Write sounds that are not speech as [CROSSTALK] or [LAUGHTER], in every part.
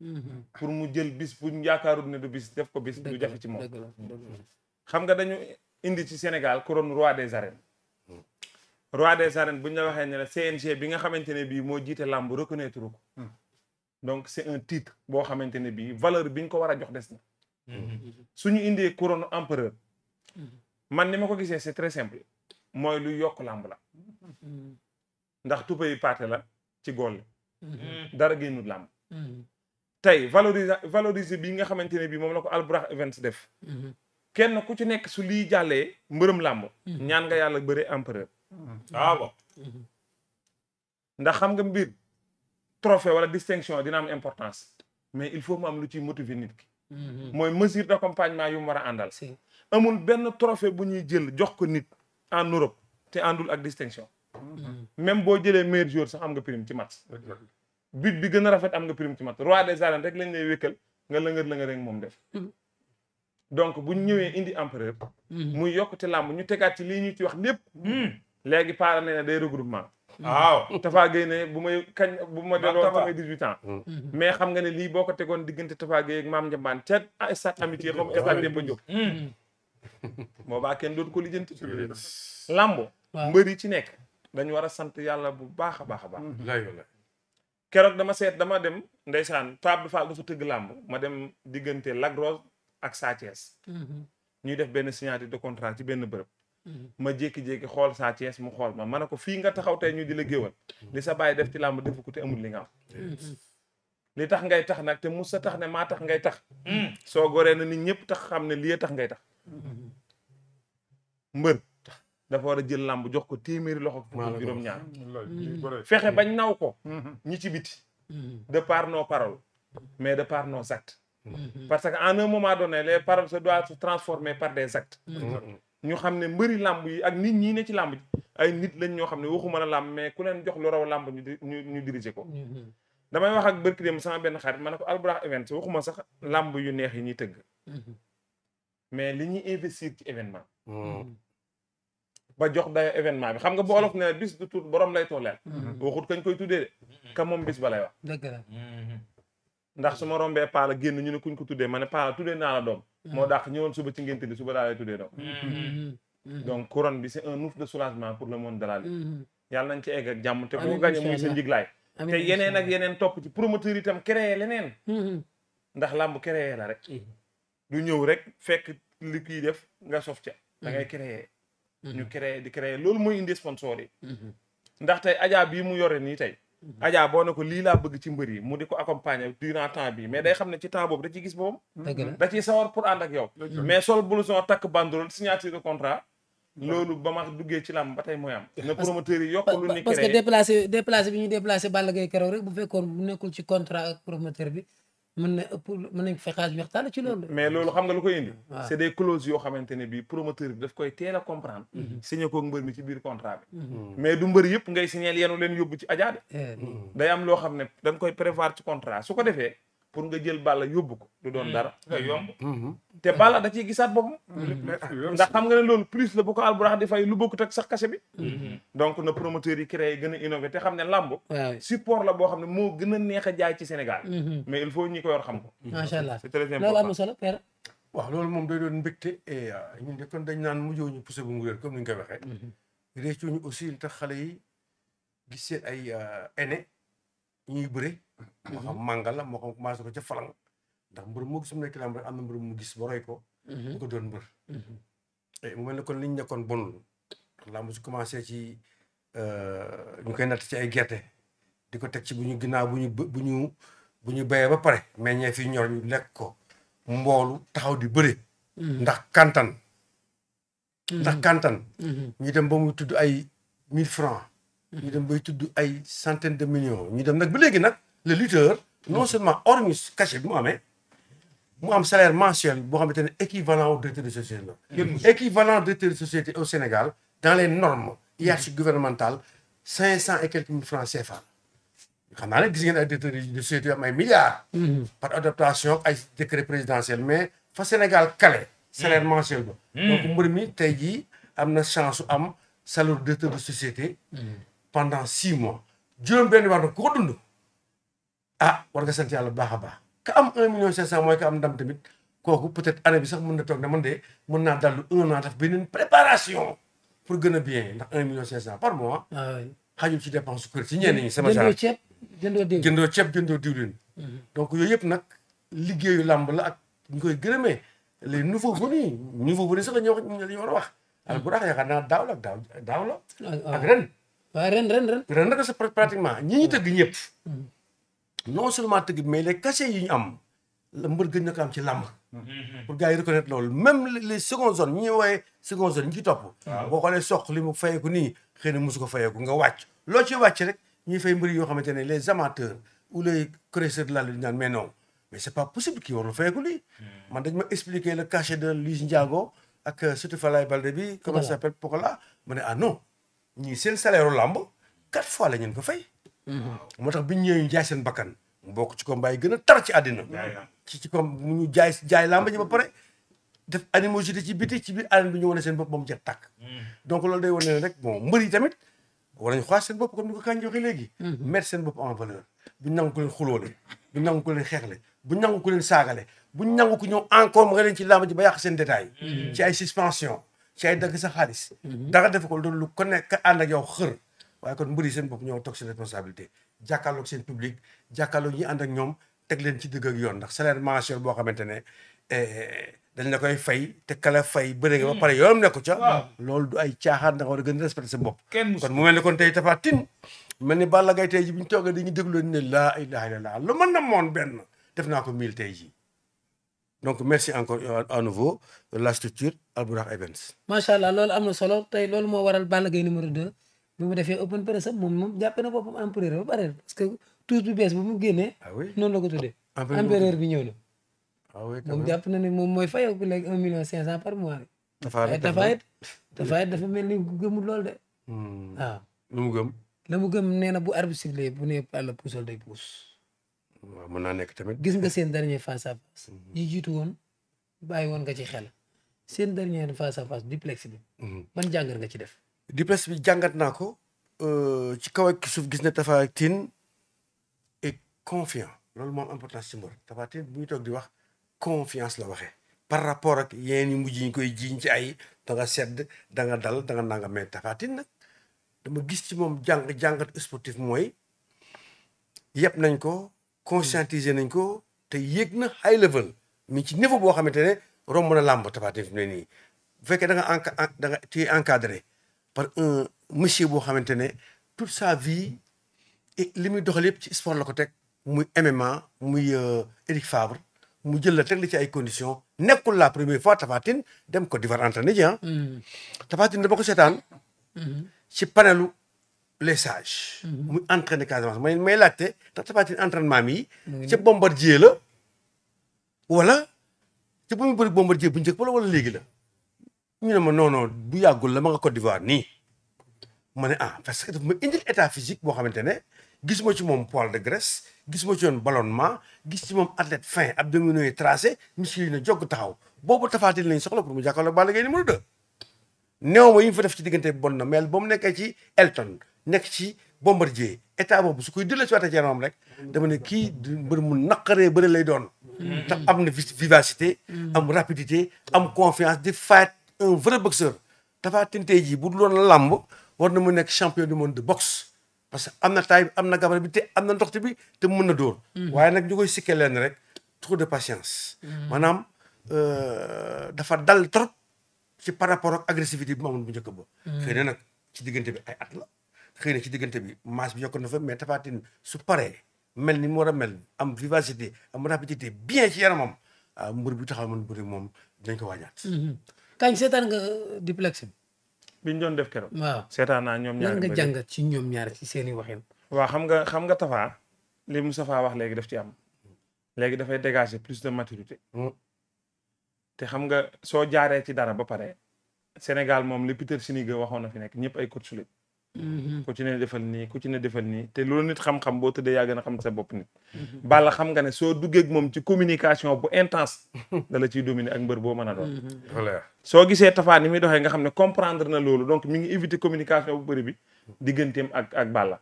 Mm-hmm. pour mu jël bis bu ñu yaakaarul ne du bis def ko bis. du jafe ci moom xam nga dañu indi ci Sénégal couronne roi des arènes. Mm-hmm. roi des arènes bu ñu la waxee ne la CNG bi nga xamante ne bi moo jiite làmb reconnaître ko. Mm-hmm. donc c' est un titre boo xamante ne bii valeur bi ñu ko war a jox des na. ñu indee couronne empereur. man ni ma ko gisee c' très simple. mooy lu yokk làmb la. ndax tupa yi paate la ci góol dara génnul làmb. tey valoriser valoriser bii nga xamante ne bii moom la ko Albourakh Events def. Mhm. kenn ku ci nekk su lii jàllee mbërëm làmb. Mhm. ñaan nga yàlla bëre empereur. waaw. Mhm. Ah ndax xam nga mbir trophée wala distinction dina am importance mais il faut mu am lu ciy motiver nit ki. mooy mesure d' accompagnement yu mu war a àndal. amul benn trophée bu ñuy jël jox ko nit en Europe te àndul ak distinction. même boo jëlee meilleur joueur sax am nga prime ci match. bit bi gën a rafet am nga prime ci mat roi des arènes rek lañ lay wékkal nga lëngal lëngal rek moom def. Mm-hmm. donc bu ñëwee indi empereur. Mm-hmm. muy yokkute làmb ñu tegaat ci lii ñu ci wax lépp. Mm-hmm. léegi paara na day regroupement. waaw Tafa Gueye ne bu may kañ bu ma delloo samay 18 ans. mais xam nga ne lii boo ko tegoon diggante Tafa Gueye ak maam Ndiambane ca stade amitié comme stade Demba Diop. boobaa kenn dootu ko lijjanti. lambo. mbër yi ci nekk dañu war a sant yàlla bu baax a baax a baax. keroog dama seet dama dem ndeysaan Pape Fall dafa tëgg làmb ma dem diggante Lac Rose ak Sa Thiès mhm. ñuy def benn signature de contrat ci benn bërëb mhm. ma jékki-jékki xool Sa Thiès mu xool ma ma ne ko fii nga taxaw tey ñu di la géwal li sa bàyyi def ci làmb defu ko te amul li nga am mhm. li tax ngay tax nag te mu sa tax ne maa tax ngay tax soo goree na nit ñëpp tax xam ne lii tax ngay tax mbër dafa war a jël làmb jox ko téeméeri loxo fukk juróom ñaar mm. fexe bañ naw ko mm-hmm. ñi ci biti mm. de par nos paroles mais de par nos actes mm-hmm. parce que en un moment donné les paroles se doivent se transformer par des actes mm-hmm. ñu xam ne mbëri làmb yi ak nit ñi ne ci làmb ay nit lañ ñoo xam ne waxuma na làmb mais ku leen jox lu raw làmb ñu ñu diriger ko damay wax ak bërki dem sama benn xarit ma ne ko Albourakh Events waxuma sax làmb yu neex yi ñuy tëgg mais li ñuy investir ci événement ba jox dayo événement bi xam nga bu olof ne bis du tuut borom lay tooleel mhm. waxut kañ koy tuddee de mhm. ba lay wax dëgg la mhm. ndax su ma rombee paa la génn ñu ne kuñ ko tuddee ma ne paa tuddee naa la doom moo dàq ñëwoon suba ci ngénte li suba daa lay tuddee doom donc couronne bi c'est un ouf de soulagement pour le monde de la yàlla nañ ci egg ak jàmm te boo gàñe muy sa njiglaay te yeneen ak yeneen topp ci promoteur tam créé leneen ndax làmb créé la rek du ñëw rek fekk li kii def nga sof ca da ngay créé Mm-hmm. ñu créer di créer loolu mooy indi sponsor yi mm-hmm. ndax ajaa bii mu yore nii tey mm-hmm. ajaa boo ne lii laa bëgg ci mbër yi mu di ko accompagner durant temps bi mais day xam ne ci temps boobu da ciy gis boobu da ciy sawar pour ànd ak mais sol blouson takk banderole signature de contrat loolu ba ma duggee ci làmb ba tey mooy am na promoteur yi yokk lu ni parce que déplacé déplacé bi ñu déplacé Balla Gaye keroog rek bu fekkoon bu nekkul ci contrat ak bi mën na ëpp mën nañ fexe ak ci loolu. mais loolu xam nga lu koy indi. waaw c'est des yoo xamante ne bii promoteur bi daf koy teel a comprendre. Mhm. signé koog mbër mi ci biir contrat bi. Mhm. mais du mbër yëpp ngay signé yenu leen yóbbu ci ajaade. Eh, day am loo xam ne dañ koy prévoir ci contrat su ko defee. pour nga jël Balla yóbbu ko du doon mm. dara. yomb mm-hmm. te Balla da ciy gisaat boppam. Mm-hmm. ndax xam nga ne loolu plus la bu ko alburax di fay lu bokkut ak sax kase bi. Mm-hmm. donc na promoteur yi créé gën a innové te xam ne lamb. support la boo xam ne moo gën a neex a jaay ci Sénégal. mais il faut ñi ko yor xam macha allah c'est très important loolu loolu moom doy doon mbégte et euh, ñun de kon dañ naan mujjoo ñu poussé bu mu wér comme ni nga ko waxee. réccu ñu aussi li tax xale yi gis seen ay euh, aînés. ñuy bëre moo xam mhm. màngal la moo xam commencé ko ca falang ndax mbër moo gis mu nekk lamb rek am na mbër mu gis ba roy ko bu mhm. doon mbër mhm. eh, mu mel ne kon liñ nekkoon bonul ndax su commencé ci euh, ñu koy natt si ay gerte di ko teg ci bu ñu ginnaaw bu ñu bu ñu bu ñu béyee ba pare meññee fi ñor ñu lekk ko mboolu taxaw di bëre ndax kantan ndax kantan ñu dem ba muy tudd ay mille francs ñu dem bay tudd ay centaine de millions ñu dem nag ba léegi nag le lutteur non seulement hormis cachet bi mu amee mu am salaire mensuel boo xamante ne équivalent au directeur de société la équivalent directeur de société au Sénégal dans les normes hiérarchiques gouvernementales cinq cent et quelques mille francs CFA xam naa ne gis ngeen ay directeur de société yu am ay milliards mhm. par adaptation ay décret présidentiel mais fa Sénégal calé salaire mhm. mensuel ba mhm. donc mbir mi tey jii am na chance su am salaire directeur de société pendant six mois juróom benn war na ku ko dund a ah, war nga sant yàlla bu baax a baax ka am un million cinq cent mooy ka am ndam tamit kooku peut-être année bi sax mën na toog ne man de mën naa dallu un an daf beneen préparation pour gën a bien ndax un million cinq cent par mois xajul ci dépense kër ci ñenn ñi sama genre jëndoo ceeb jëndoo diwlin mm-hmm. donc yooyu yëpp nag liggéeyu làmb la ak ñu koy gërëmee les nouveaux venus nouveaux venus sax la ñoo la war a wax al bu rax yaakaar naa daaw la daaw daaw la waaw ren ren ren. ren rek c'est pratiquement ñi ñu tëgg ñëpp. Hmm. non seulement tëgg mais les cachets yi ñu am. la mbër gën na ko am ci làmb. Hmm. pour gars yi reconnaître loolu même les secondes zones ñi ñuy woowee seconde zone ñi ci topp. boo xoolee soq li mu fayeeku nii xëy na mosu ko fayeeku nga wàcc. loo ci wàcc rek ñuy fay mbër yoo xamante ne les amateurs ou les connaisseurs de la lutte naan mais non mais c'est pas possible kii warul fayeeku lii. Hmm. man dañ ma expliquer le cachet de Luis Ndiago ak surtout Falaye Balde bi. comment ça s'appelle Pokola mu ne ah non. ñii seen salaire làmb quatre fois la ñu ko fay. moo tax bi ñu ñëwee ñu jaay seen bakkan. mu bokk ci combat yi gën a tar ci àddina. ci ci comme mu ñu jaay jaay ji ba pare. def animosité ci biti ci biir arène bi ñu wane seen bopp ba mu jeex tàkk. Hmm. donc loolu day wane rek bon mbër tamit war nañu seen bopp comme ni ko Kañ joxe léegi. Hmm. mettre seen bopp en valeur. bu nangu ko leen bu nangu ko xeexle bu nangu ko saagale bu nangu ko ñëw encombré leen ci ay dagg sa xaalis. Mhm. dara def ko loolu lu ko nekk ànd ak yow xër. waaye kon mbëri seen bopp ñoo toog seen responsabilité jàkkaarloog seen public jàkkaarloog ñi ànd ak ñoom teg leen ci dëgg ak yoon ndax salaire mensuel boo xamante ne eh, dañ la koy fay te kala fay bëri ba hmm. pare yoonam nekku ca. loolu du ay caaxaan da nga war a gën a respecté sa bopp. kon mu mel ni kon tey Tapha Tine mel ni Balla Gaye tey ji bu ñu toogee dañuy déglu ne laa ilaaha illallaah lu mën na moon benn def naa ko mil tey donc merci encore à nouveau la structure Albourakh Events. macha allah loolu am na solo tey loolu moo waral Balla Gaye numéro 2 bi mu defee open press moom moom jàpp na boppam empereur ba pare parce que tuus bu bees bu mu génnee. ah oui noonu la ko tuddee. Ah, empereur bi ñëw na. ah oui moom jàpp na ne moom mooy fayoo ko léegi un million cinq cent par mois. dafa dafa dafa dafa mel ni gëmul lool de. waaw hmm. ah. lu mu gëm. la mu gëm nee na bu arbitre sifflé bu ne Balla puusal day puus. waaw mën naa nekk tamit. gis nga seen dernier face à face. Mhm. ñi jiitu woon bàyyi woon nga ci xel. seen dernier face à face duplex bi. Mhm. ban jàngat nga ci def. duplex bi jàngat naa ko. Euh, ci kaw ak suuf gis na Tapha Tine et loolu moom importance ci mbër Tapha Tine bu ñu toog di wax confiance la waxee. par rapport ak yeneen yu mu jiñ ñu koy jiiñ ci ay da sedd da nga dal da nga nanga mais nag dama gis ci moom jàng jàngat sportif mooy yëpp nañ ko. conscientiser nañ ko te yéeg na high level mi ci niveau boo xamante ne romb na làmb Tapha Tine fi mu ne bu fekkee danga nga en da tu es encadré par un monsieur boo xamante ne toute sa vie li muy doxal yëpp ci sport la ko teg muy MMA muy Eric euh, Favre mu jël la teg li ci ay condition nekkul la premier fois Tapha dem ko di war entraîné ji ah. Mm. Tapha Tine dama ko mm-hmm. ci panelu les sages. Mhm. muy entraîné Casamance may may laajte ndax Tapha Tine entraînement mi. ca Bombardier la. wala ca bu mu bëri Bombardier bu njëkk ba la wala léegi la. ñu ne ma non non bu yàggul la ma nga Côte d'Ivoire nii. ma ne ah parce que daf ma indil état physique boo xamante ne gis ma ci moom poil de graisse gis ma ci woon ballonnement gis ci moom athlète fin abdominaux yi tracé muscles yi ne jog taxaw boobu Tapha Tine lañ soxla pour mu jàkkaarloo Balla Gaye numéro 2. néew ma yi ñu fa def ci diggante bon na mais ba mu nekkee ci Elton nekk ci Bombardier état boobu su koy dëlla si waatee ci yaramam rek dama ne kii mbër mu naqaree bëri lay doon ta am na vivacité am rapidité am confiance di fight un vrai boxeur Tapha Tine tey jii bu doon làmb war na mu nekk champion du monde de boxe parce que am na taille am na gabarit bi te am na ndoxte bi te mën na dóor waaye nag ñu si sikkee leen rek trop de patience mm. maanaam euh, dafa dal trop ci par rapport ak agressivité bi mu amoon bu njëkk bo mm. xëy na nag ci diggante bi ay at la. xëy na ci diggante bi masse bi yokk na fa mais Tapha Tine su paree mel ni mu war a mel am vivacité am rapidité bien ci yaramam ah mbër bi taxaw man bëri moom dañ ko waajaat. Mm-hmm. kañ seetaan nga euh, duplex bi. doon def keroog. waaw seetaan naa ñoom ñaar lan nga jàngat ci ñoom ñaar ci seen i waxin. waaw xam nga xam nga Tapha li Moustapha wax léegi daf ci am léegi dafay dégager plus de maturité. Mm. te xam nga soo jaaree ci dara ba pare Sénégal moom li Peter Siniga waxoon na fi nekk ñëpp ay coach lañ mm-hmm. ku ci ne defal nii ku ci ne defal nii te loolu nit xam-xam boo tëddee yaa gën a xam sa bopp nit mm-hmm. bala xam nga ne soo duggee ak moom ci communication bu intense [LAUGHS] dala la ciy ak mbër boo mën a doon mm-hmm. soo gisee tafaa ni muy doxee nga xam ne comprendre na loolu donc mu ngi éviter communication bu bëri bi digganteem ak ak bàlla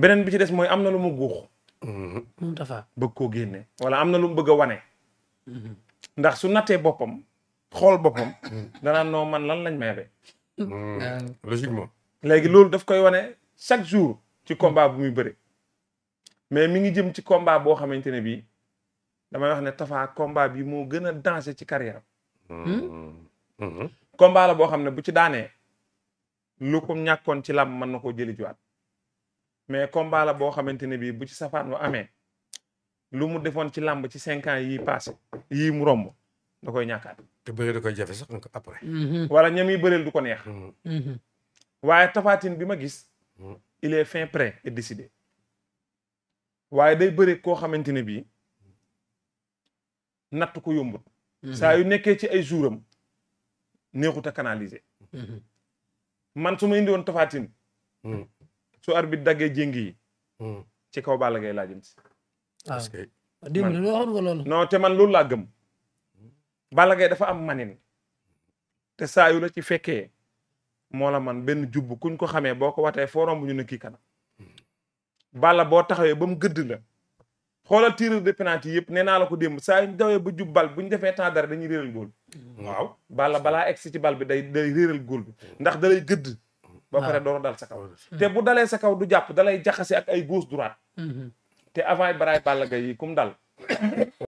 beneen bi ci des mooy am na lu mu guux bëgg koo génne wala am na lu mu bëgg a wane ndax su nattee boppam xool boppam danaan noo man lan lañ may be hmm. logiquement léegi loolu daf koy wane chaque jour ci combat bu muy bëri mais mi ngi jëm ci combat boo xamante ne bii damay wax ne Tapha combat bi moo gën a danger ci carrière am hmm. Hmm. la boo xam ne bu ci daanee lu ko ñàkkoon ci làmb mën na koo jëli juwaat mais combat boo xamante ne bii bu ci safaan wa amee lu mu defoon ci làmb ci cinq ans yii passé yii mu romb da koy ñàkkaat. te bëri da koy jafe sax après. Mm-hmm. wala ñam yi bëreel du ko neex. Mm-hmm. Mm-hmm. waaye tafaatin bi ma gis. il est fin prêt et décidé. waaye day bëri koo xamante ne bii natt ko yombut. saa yu nekkee ci ay jouram neexut a canaliser. man su ma indi woon tafaatin. su arbitre daggee jéngi yi. ci kaw Balla Gaye laa jëm si. Ah. parce que ah, démb waxoon te man loolu laa gëm. Balla Gaye dafa am manin. te saa yu la ci fekkee. moo la man benn jubb kuñ ko xamee boo ko watee foo romb ñu ne kii kana. Balla boo taxawee ba mu gëdd la. xoolal tireur de penalty yëpp nee naa la ko démb saa yu dawee ba jub bal bu ñu defee temps dara dañuy réeral góol. waaw Balla balaa egsi ci bal bi day day réeral bi. ndax da lay gëdd. ba pare ah. door dal sa te bu dalee sa kaw du jàpp dalay jaxase ak ay gauche droite. Mhm. te avant Balla Gaye yi kum dal